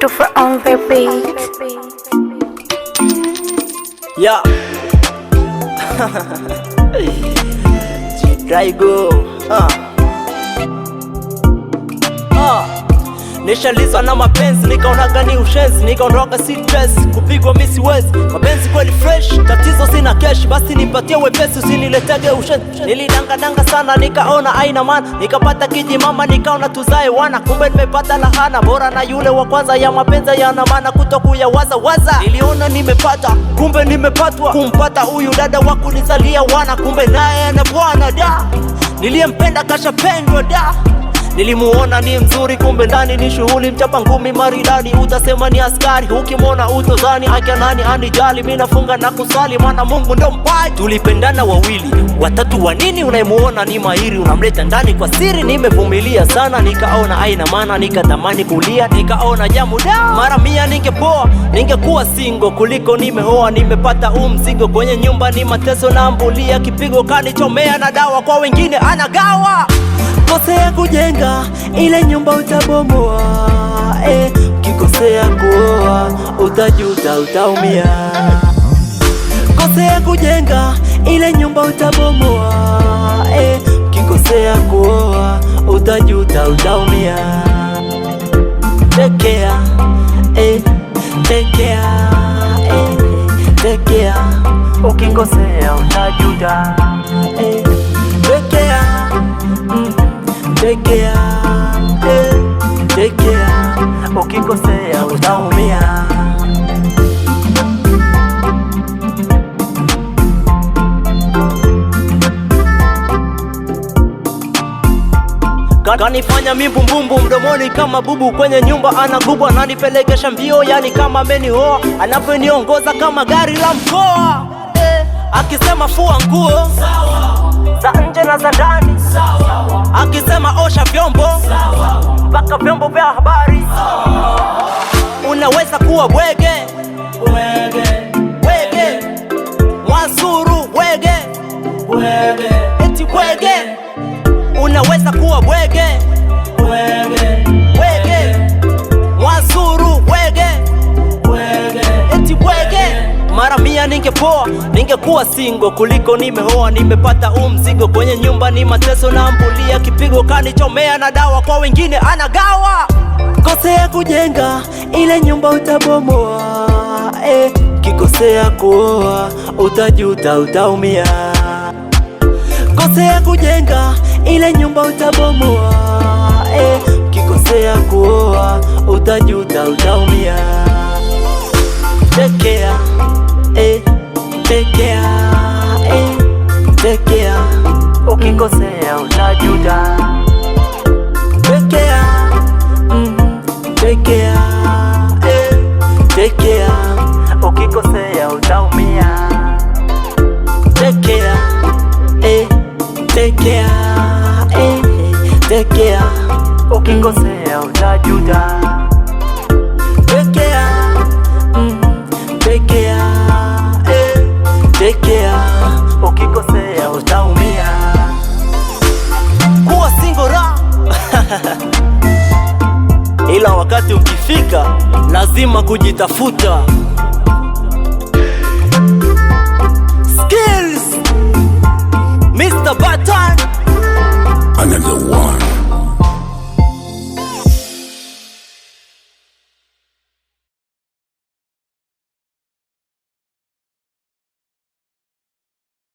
To for on repeat. Yeah. Try go. Uh. nishalizwa na mapenzi, nikaona gani ushenzi, nikaondoka si stress, kupigwa mimi siwezi, mapenzi kweli fresh, tatizo sina cash, basi nipatie wepesi, usiniletege ushenzi. Nilidangadanga sana, nikaona aina maana, nikapata kiji mama, nikaona tuzae wana, kumbe nimepata lahana, bora na yule wa kwanza, ya mapenzi yana maana kutokuya waza waza. Niliona nimepata, kumbe nimepatwa, kumpata huyu dada wa kunizalia wana, kumbe naye ana bwana da, niliyempenda kashapendwa da Nilimuona ni mzuri, kumbe ndani ni shughuli, mchapa ngumi maridadi, utasema ni askari. Ukimwona utodhani akia nani anijali, mimi nafunga na kusali, maana Mungu ndo mpai. Tulipendana wawili watatu, wanini unayemuona ni mahiri, unamleta ndani kwa siri. Nimevumilia sana, nikaona aina maana, nikatamani kulia, nikaona jamu da mara mia, ningepoa ningekuwa singo kuliko nimeoa. Nimepata umzigo kwenye nyumba, ni mateso na ambulia, kipigo kanichomea na dawa kwa wengine anagawa Ukikosea kujenga ile nyumba utabomoa, eh, ukikosea kuoa utajuta, utaumia. Kosea kujenga ile nyumba utabomoa, eh. kikosea ukikosea kuoa utajuta, utaumia. Take care, eh. take care, eh. take care. Ukikosea utajuta, eh chekea, chekea, eh, ukikosea utaumia. Kanifanya mimbumbumbu mdomoni kama bubu kwenye nyumba anagubwa, nanipelekesha mbio, yani kama amenihoa, anavyoniongoza kama gari la mkoa eh, akisema fua nguo za nje na za ndani akisema osha vyombo mpaka vyombo vya habari. Unaweza kuwa bwege bwege bwege wege bwege eti bwege, unaweza kuwa bwege bwege bwege eti bwege mara ningepoa, ningekuwa singo kuliko nimeoa. Nimepata huu mzigo kwenye nyumba, ni mateso na mbulia, kipigo kanichomea na dawa kwa wengine anagawa. kosea kujenga ile nyumba utabomoa, eh. Kikosea kuoa utajuta, utaumia. Kikosea kujenga ile nyumba utabomoa, eh. Kikosea kuoa utajuta, utaumia. Tekea, eh, tekea Ukikosea é, unajuta Tekea, mm, mm-hmm. tekea, eh, tekea Ukikosea é, utaumia Tekea, eh, tekea, eh, tekea Ukikosea utajuta ukikosea utaumia. Kuwa singora ra ila wakati ukifika lazima kujitafuta.